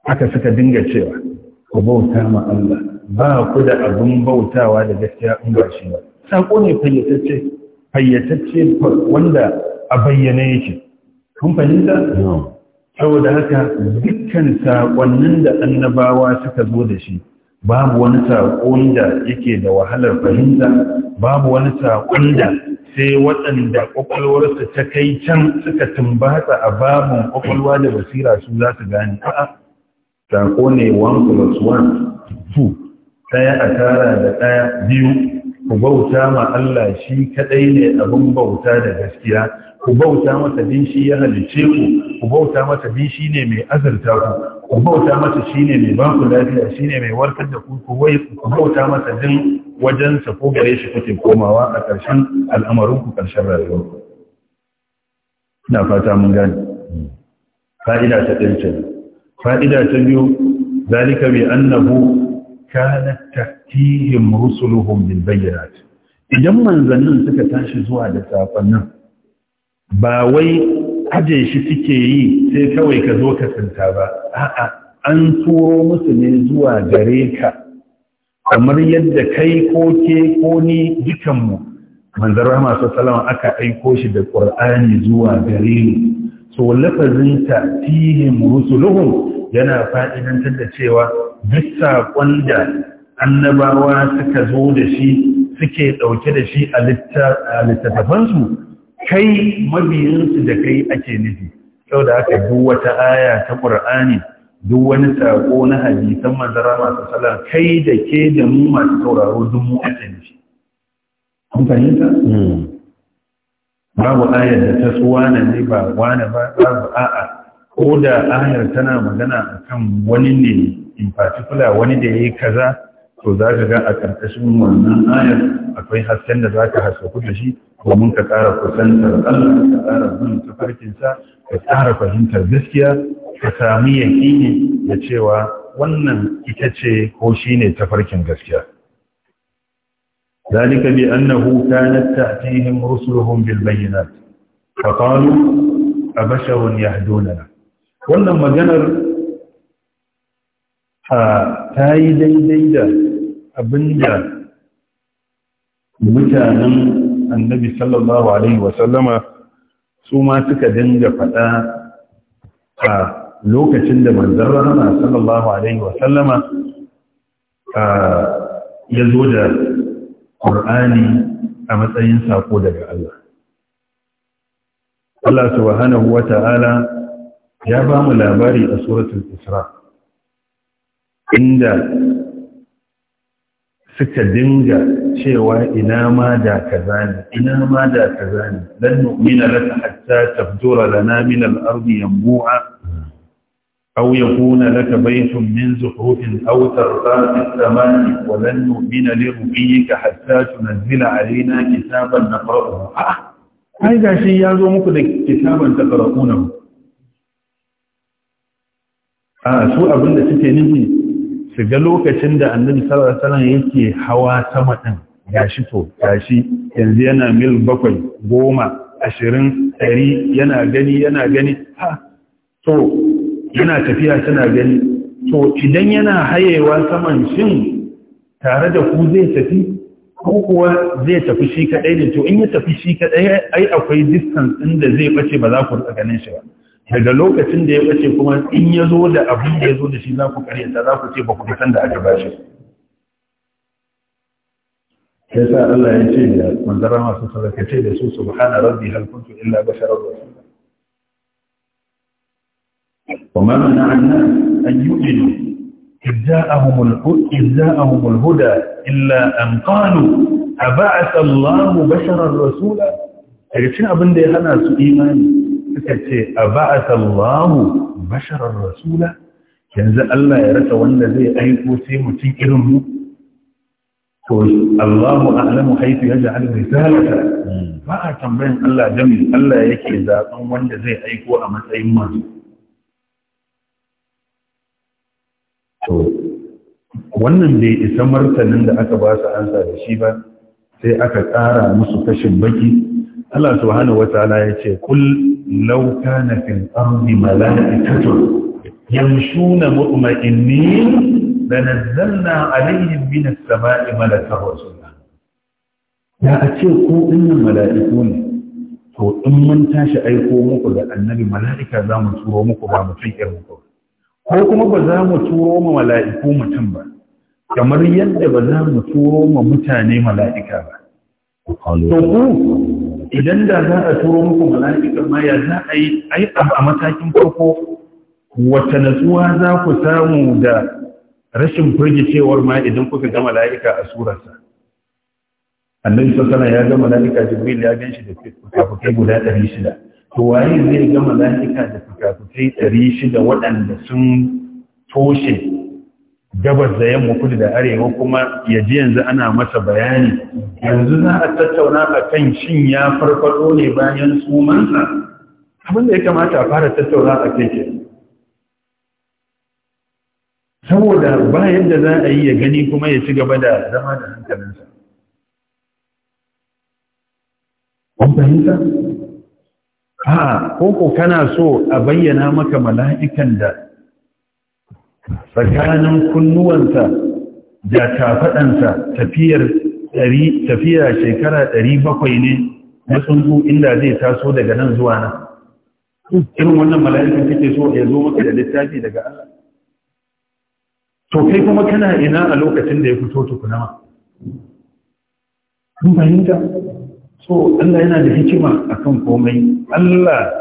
aka suka dinga cewa ku bauta ma Allah ba ku da abin bautawa da gaskiya in ba shi ba saƙo ne fayyatacce fayyatacce wanda a bayyane yake kun fahimta saboda haka dukkan saƙonnin da annabawa suka zo da shi babu wani saƙon da yake da wahalar fahimta babu wani saƙon da sai waɗanda ƙwaƙwalwarsa ta kai can suka tumbatsa a babin ƙwaƙwalwa da basira su za su gane a'a saƙo ne 1 plus 1 2 ɗaya a tara da ɗaya biyu ku bauta ma Allah shi kaɗai ne abin bauta da gaskiya ku bauta masa din shi ya halice ku ku bauta masa din shi ne mai azurta ku ku bauta masa shi ne mai baku lafiya shi ne mai warkar da ku ku bauta masa din wajensa ko gare shi kuke komawa a ƙarshen al'amarin ku ƙarshen rayuwar ku na fata mun gani fa'ida ta ɗin fa'ida ta biyu zalika bi annahu kana taktihim rusuluhum bil bayyinat idan manzannin suka tashi zuwa da safannin ba wai aje shi suke yi sai kawai ka zo ka tsinta ba a'a an turo musu ne zuwa gare ka kamar yadda kai ko ke ko ni dukanmu manzara masu salama aka aiko shi da ƙwar'ani zuwa gare ni so lafazin ta ta'tihim rusuluhum yana fa'idantar da cewa duk saƙon da annabawa suka zo da shi suke ɗauke da shi a littattafansu kai mabiyinsu da kai ake nufi Kyau da aka duk wata aya ta ƙur'ani duk wani saƙo na hadisan madara masu tsala kai da ke da mu masu sauraro duk mu ake nufi an hmm. babu ayar da ta tsuwa na ne ba wane ba babu a'a ko da ayar tana magana a kan wani ne in particular wani da ya yi kaza to za ka ga a ƙarƙashin wannan ayar akwai hasken da za ka haskaku da shi domin ka ƙara kusantar Allah ka ƙara bin tafarkinsa ka ƙara fahimtar gaskiya ka samu yaƙini da cewa wannan ita ce ko shi ne tafarkin gaskiya ذلك بأنه كانت تأتيهم رسلهم بالبينات فقالوا أبشر يهدوننا wannan maganar ta yi daidai da abin da mutanen annabi sallallahu alaihi wasallama su ma suka dinga faɗa a lokacin da manzan rahama sallallahu alaihi wasallama ya zo da ƙur'ani a matsayin sako daga Allah. Allah subhanahu wa ta'ala ya ba mu labari a suratul Isra. inda suka dinga cewa ina ma da kaza ne ina ma da kaza ne dan nu'mina laka hatta tafdura lana min al-ardi yanbu'a aw yakuna laka baytun min zuhufin aw tarqa samani wa lan nu'mina li rubiyyika hatta tunzila alaina kitaban naqra'uhu ah ai shi ya zo muku da kitaban taqra'unahu a su abinda suke nufi su ga lokacin da annabi sallallahu alaihi wasallam yake hawa sama din gashi to gashi yanzu yana mil bakwai goma ashirin ɗari yana gani yana gani ha to yana tafiya tana gani to idan yana hayewa saman shin tare da ku zai tafi ko kuwa zai tafi shi kaɗai ne to in ya tafi shi kaɗai ai akwai distance ɗin da zai bace ba za ku rika ganin shi ba daga lokacin da ya bace kuma in ya zo da abin da ya zo da shi za ku karyata za ku ce ba ku san da aka bashi sai sa Allah ya ce da manzara masu sadakace da su subhana rabbi hal kuntu illa basharar rasula an منع الناس أن يؤمنوا إذ جاءهم الهدى إلا أن قالوا أبعث الله بشرا رسولا daga cin abin da ya hana su imani suka ce a ba'atallahu basharar rasula yanzu Allah ya rasa wanda zai aiko sai mutum irin mu to Allahu a'lamu haythu yaj'al risalata ba a tambayin Allah dan Allah yake zaben wanda zai aiko a matsayin manzo to wannan bai isa martanin da aka ba su ansa da shi ba sai aka ƙara musu kashin baki Allah subhanahu wataala ya ce kul لو كان في الأرض ملائكة يمشون مطمئنين لنزلنا عليهم من السماء ملكا رسولا يا أتيكو إن ملائكون to in mun tashi aiko muku da annabi mala'ika za mu turo muku ba mutum irin ku ko kuma ba za mu turo ma mala'iku mutum ba kamar yadda ba za mu turo ma mutane mala'ika ba to ku idan da za a turo muku mala'ikar ma ya za a yi a matakin farko wata natsuwa za ku samu da rashin firgicewar ma idan kuka ga mala'ika a surarsa annabi sallallahu ya ga mala'ika jibril ya ganshi da fukafukai guda 600 to waye zai ga mala'ika da fukafukai 600 waɗanda sun toshe gabas da yamma kudu da arewa kuma ya ji yanzu ana masa bayani yanzu za a tattauna a kan shin ya farfado ne bayan Abin abinda ya kamata a fara tattauna a keke. saboda ba yadda za a yi ya gani kuma ya ci gaba da zama da hankalinsa fahimta? ha ko kana so a bayyana maka mala'ikan da tsakanin kunnuwansa da kafaɗansa tafiyar tafiya shekara ɗari bakwai ne na tsuntsu inda zai taso daga nan zuwa nan irin wannan mala'ikan kake so ya zo maka da littafi daga Allah to kai kuma kana ina a lokacin da ya fito tukunama kun fahimta so Allah yana da hikima akan komai Allah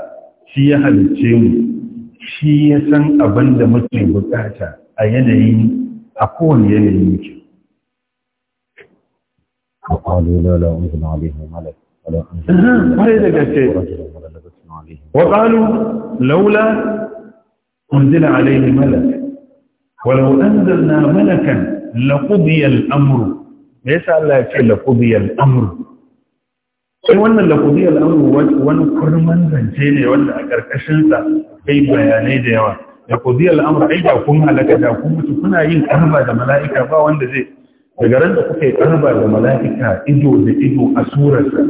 shi ya halicce mu shi ya san abin da muke bukata وقالوا لا a yanayi a kowane yanayi yake. وقالوا لولا أنزل عليه ملك ولو أنزلنا ملكا لقضي الأمر ليس على شيء لقضي الأمر وأن لقضي الأمر وأن كرمان زنجيني وأن أكركشنسا في بيانيدي da kudiya al'amur ai da kun halaka da kun mutu kuna yin karba da mala'ika ba wanda zai daga ran da kuka yi karba da mala'ika ido da ido a surarsa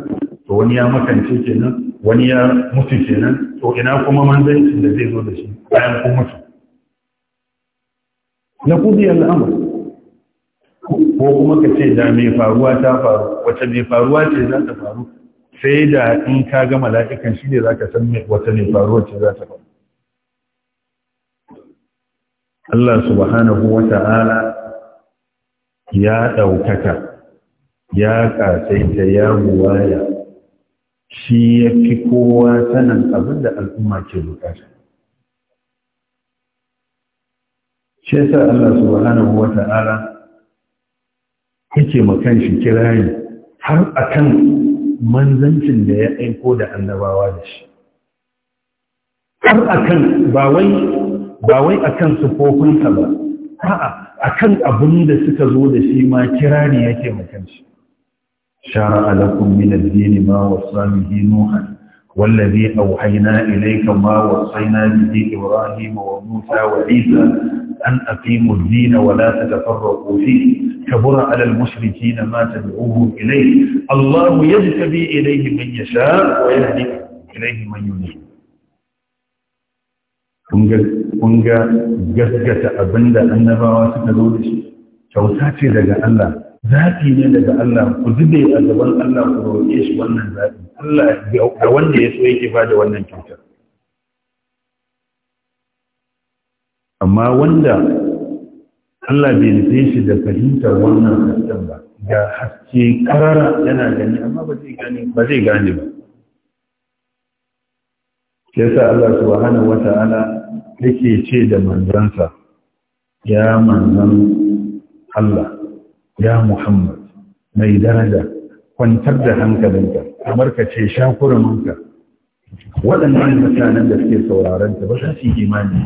to wani ya makance kenan wani ya mutu kenan to ina kuma manzancin da zai zo da shi bayan kun mutu na kudiya al'amur ko kuma ka ce da mai faruwa ta faru wace mai faruwa ce za ta faru sai da in ka ga mala'ikan shi ne za ka san wata mai faruwa ce za ta faru Allah subhanahu wa ta'ala ya ɗaukaka, ya ƙasaita, ya buwaya, shi ya fi kowa sanan abin da al'umma ke bukata. Shi sa Allah subhanahu wa ta'ala yake makan shi kirari har a kan manzancin da ya aiko da annabawa da shi. Har a kan ba wai ba wai a kan sufofinsa ba, a'a a kan abin da suka zo da shi ma kirani ne yake makan shi. Shara alakun minar dini ma wasu amini Nuhan, wallabi a wahaina ilaika ma wasu aina biyu Ibrahim wa Musa wa Isa an afi alal musulki na mata da uhu ilai, Allah mu yadda ta bi ilai man kun ga abin abinda annabawa suka zo da shi kyauta ce daga Allah Zafi ne daga Allah ku zube a gaban Allah ku roƙe shi wannan zafi. Allah ga wanda ya so yake ba da wannan kyautar amma wanda Allah bai nufe shi da fahimtar wannan hasken ba ga haske karara yana gani amma ba zai gane ba zai gane ba yasa Allah subhanahu ta'ala yake ce da manzansa ya manzan Allah ya Muhammad mai daraja kwantar da hankalinka kamar ka ce shakurumanka waɗannan mutanen da suke sauraron ta ba sa su imani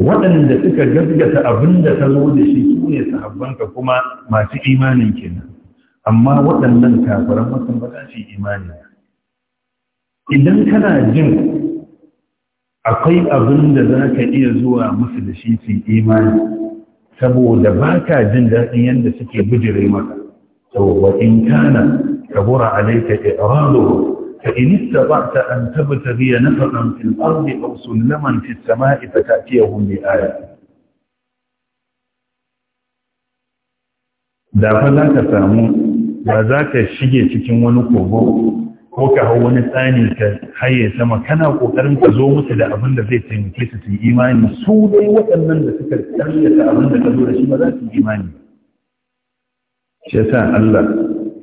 waɗanda suka gaggata abin da ta zo da shi su ne sahabbanka kuma masu imanin kenan amma waɗannan kafiran mutum ba za su imani idan kana jin akwai abin da za ka iya zuwa musu da shi cin imani saboda ba ka jin daɗin yadda suke bijire maka to wa in kana kabura alaika i'raduhu fa in istata'ta an tabtaghi nafaqan fil ardi aw sulaman fis sama'i fatatiyahum bi ayatin da fa za ka samu ba za ka shige cikin wani kogo ko ka hau wani tsani ka haye sama kana kokarin ka zo musu da abin da zai taimake su su yi imani su dai waɗannan da suka karyata abin da ka zo da shi ba za su yi imani shi yasa Allah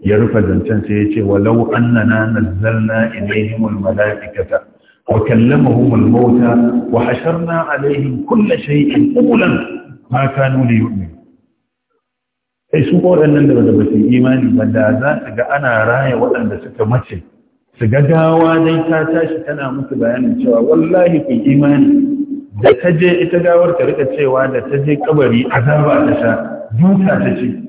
ya rufe zancen sai ya ce walau annana nazzalna ilaihim almalaikata wa kallamahum almauta wa hasharna alaihim kull shay'in qulan ma kanu li yu'minu Ai su waɗannan da ba su imani ba da za su ga ana raya waɗanda suka mace su ga dai ta tashi tana musu bayanin cewa wallahi ku imani da ta je ita gawar ta rika cewa da ta je kabari azaba ta sha duka ta ce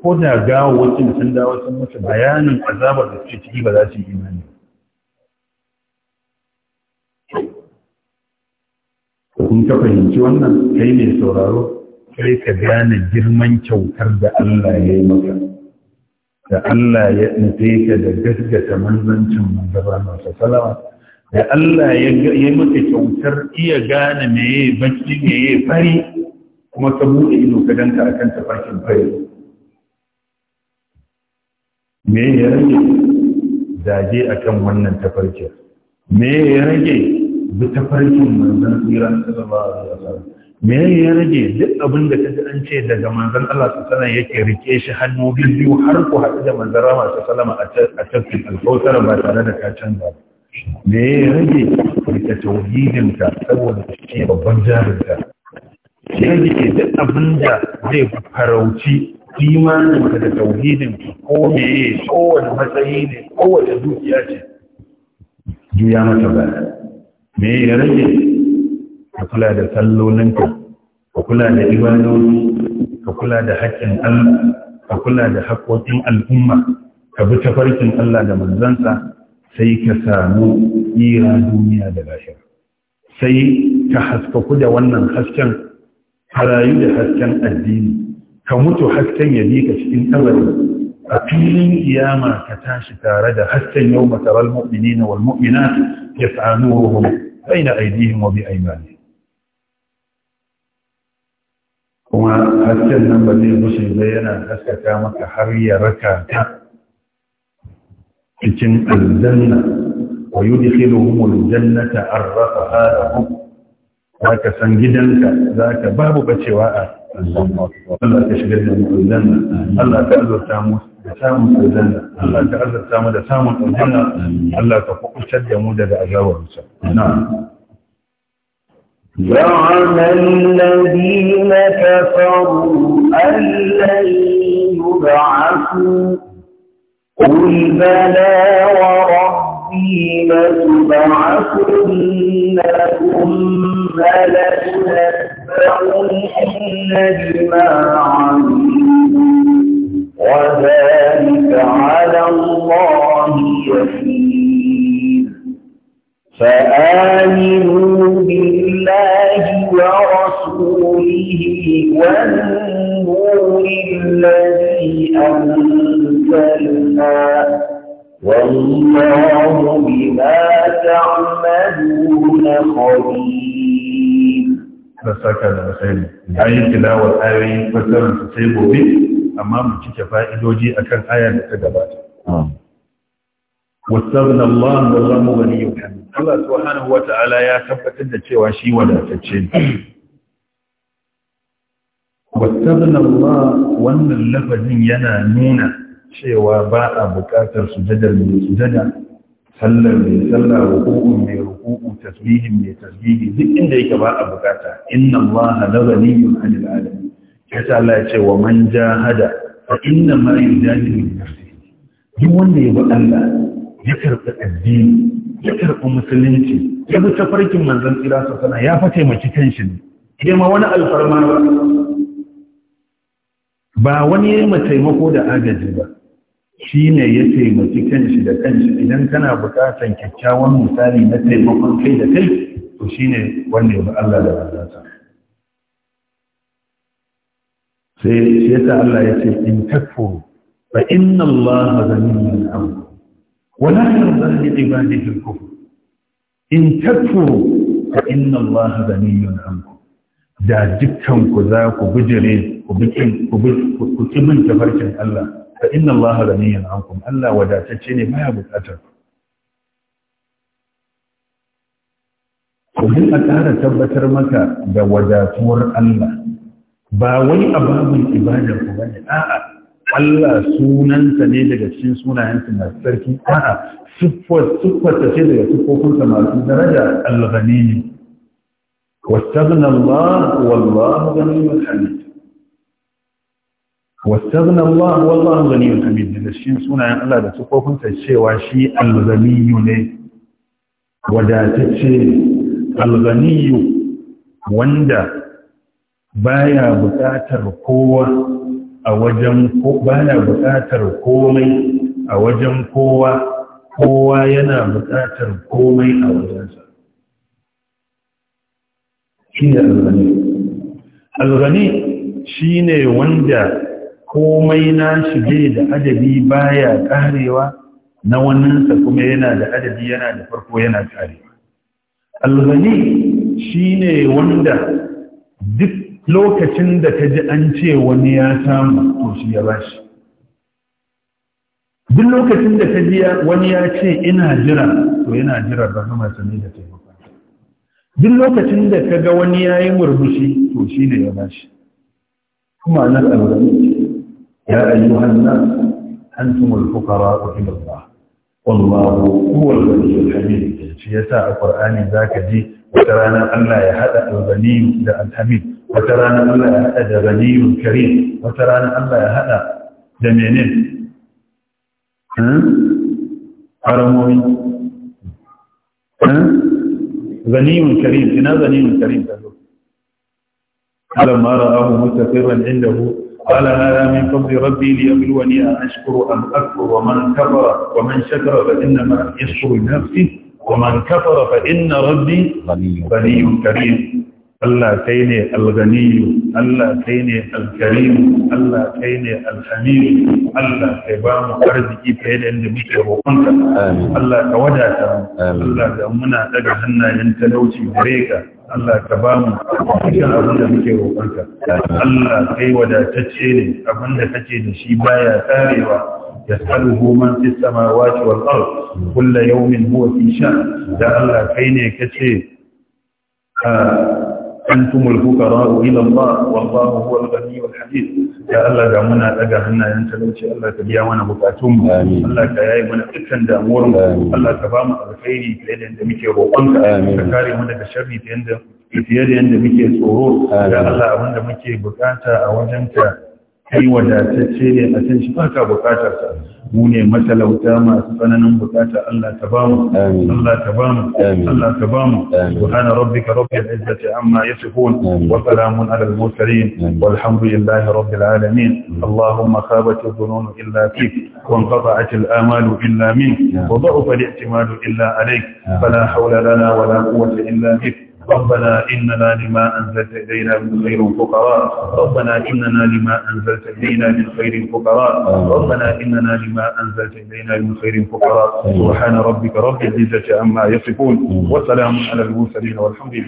ko da gawawacin sun dawo sun musu bayanin azabar da suke ciki ba za su yi imani kun ka fahimci wannan kai mai sauraro kai ka gane girman kyautar da Allah ya yi maka da Allah ya nufe ka da gaskata manzancin manzaba masu salama da Allah ya maka kyautar iya gane yi bacci yi fari kuma ka buɗe ido ka danka akan tafarkin fari me ya rage a akan wannan tafarkin me ya rage bi tafarkin manzan tsiran sallallahu a wasallam me ya rage duk abin da kaji an ce daga manzan Allah su sana yake rike shi hannu biyu har ku haɗu da manzara masu salama a cikin alfautar ba tare da ka ba me ya rage rike tauhidinka saboda shi babban jarinka ya rage duk abin da zai farauci imaninka da tauhidin ko me kowane matsayi ne kowace dukiya ce juya mata ba me ya rage ka kula da sallolinka ka kula da ibadodi ka kula da haƙƙin Allah ka kula da haƙƙoƙin al'umma ka bi tafarkin Allah da manzansa sai ka samu tsira duniya da lafiya sai ka haskaku da wannan hasken ka rayu da hasken addini ka mutu hasken ya bi ka cikin kabari a filin kiyama ka tashi tare da hasken yau mataral mu'minina wal mu'minat yas'anuhum baina aydihim wa bi aymanihim kuma hasken nan ba zai bushe ba yana haskaka maka har ya raka ta cikin aljanna wa yudkhiluhum aljannata arrafaha Za ka san gidanka ka babu bacewa a aljanna Allah ka shigar da mu aljanna Allah ka azurta mu da samun aljanna Allah ka azurta mu da samun aljanna Allah ka kuɓutar da mu daga azabarsa na'am زعم الذين كفروا أن لن يبعثوا قل بلى وربي لتبعثن ثم لتنبئن بما عملوا وذلك على الله يسير فآمنوا ورسوله والنور الذي أنزلنا والله بما تعملون خبير da saka da misali da yi tilawar ayoyin fasarar sai gobe amma mu cike fa'idoji akan ayar da ta gabata wasaghna Allah wallahu ghaniyyun hamid Allah subhanahu wata'ala ya tabbatar da cewa shi wadatacce ne wasaghna Allah wannan lafazin yana nuna cewa ba a buƙatar sujadar mai sujada sallar mai sallah ruku'un mai ruku'u tasbihin mai tasbihi duk inda yake ba a bukata inna Allah la ghaniyyun 'anil 'alamin yasa Allah ya ce wa man jahada fa inna ma yujahidu bi nafsihi duk wanda ya bi Allah ya karɓi addini ya karɓi musulunci ya bi tafarkin manzon tsira sassana ya fa taimaki kanshi ne ya ma wani alfarma ba ba wani ya yi taimako da agaji ba shi ne ya taimaki kanshi da kanshi idan kana buƙatar kyakkyawan misali na taimakon kai da kai to shi ne wanda ya bi Allah da Allah sai ya Allah ya ce in takfuru fa inna Allah ghaniyyun 'ankum ولا يرضى لعباده الكفر إن تكفروا فإن الله غني عنكم da dukkanku za ku bijire ku ki bin tafarkin Allah fa inna Allah ghaniyyun ankum Allah wadatacce ne baya bukatar ku din a ƙara tabbatar maka da wadatuwar Allah ba wai a babin ibadar ku bane a'a Allah sunansa ne daga cikin sunayensa masu sarki a'a siffarta ce daga siffofinsa masu daraja al-ghani ne واستغنى الله والله غني حميد واستغنى الله والله غني حميد da shi sunayen Allah da sufofin sa cewa shi al-ghaniyu ne wadatacce al-ghaniyu wanda baya bukatar kowa a wajen ko na buƙatar komai a wajen kowa kowa yana buƙatar komai a wajensa shine alghani alghani shine wanda komai na shige da adabi baya karewa na wannansa kuma yana da adabi, yana da farko yana karewa alghani shine wanda duk lokacin da ta ji an ce wani ya samu to shi ya bashi duk lokacin da ta ji wani ya ce ina jira to yana jira rahama sani da taimaka duk lokacin da ta ga wani ya yi murmushi to shi ne ya bashi kuma na tsaurari ya ayyuhan nan antum al-fuqara ila Allah wallahu huwa al-ghaniyyul hamid shi yasa a qur'ani zaka ji wata rana Allah ya hada al da al وترانا أن الله هذا غني كريم وترانا أن الله هذا ها دمينه ها غني كريم هنا غني كريم فلما رآه مستقرا عنده قال هذا من فضل ربي ليبلوني أشكر أم أكفر ومن كفر ومن شكر فإنما يشكر نفسه ومن كفر فإن ربي غني كريم Allah kai ne alganiyu Allah kai ne alkarimu Allah kai ne alhamidu Allah kai ba mu arziki fiye da yadda muke roƙonka Allah ka wadata Allah ka muna daga hannayen talauci gare ka Allah ka ba mu cikin abin da muke roƙonka Allah kai wadatacce ne abin da kake da shi baya tarewa يسأله من في السماوات والأرض كل يوم هو في شأن ده الله كيني كتير أنتم الفقراء إلى الله والله هو الغني والحديث Ya Allah دا muna دغا hannayen talauci Allah ka biya mana bukatun Allah ka yayi mana dukkan damuwar mu Allah ka ba mu alkhairi da yadda muke roƙon ka kare mu daga sharri da yadda da yadda muke tsoro ya Allah abinda muke bukata a wajenka kai wadatacce ne a can shi baka bukatar sa mu ne matalauta masu tsananin bukata Allah ta bamu Allah ta bamu Allah ta bamu subhana rabbika rabbil izzati amma yasifun wa salamun ala al mursalin walhamdulillahi rabbil alamin allahumma khabat al dhunun illa fik wa inqata'at al amal illa min. wa dha'afa al i'timad illa alayk fala hawla lana wa la quwwata illa bik ربنا إننا لما أنزلت إلينا من خير فقراء ربنا إننا لما أنزلت إلينا من خير فقراء ربنا إننا لما أنزلت إلينا من خير فقراء سبحان ربك رب العزة عما يصفون وسلام على المرسلين والحمد لله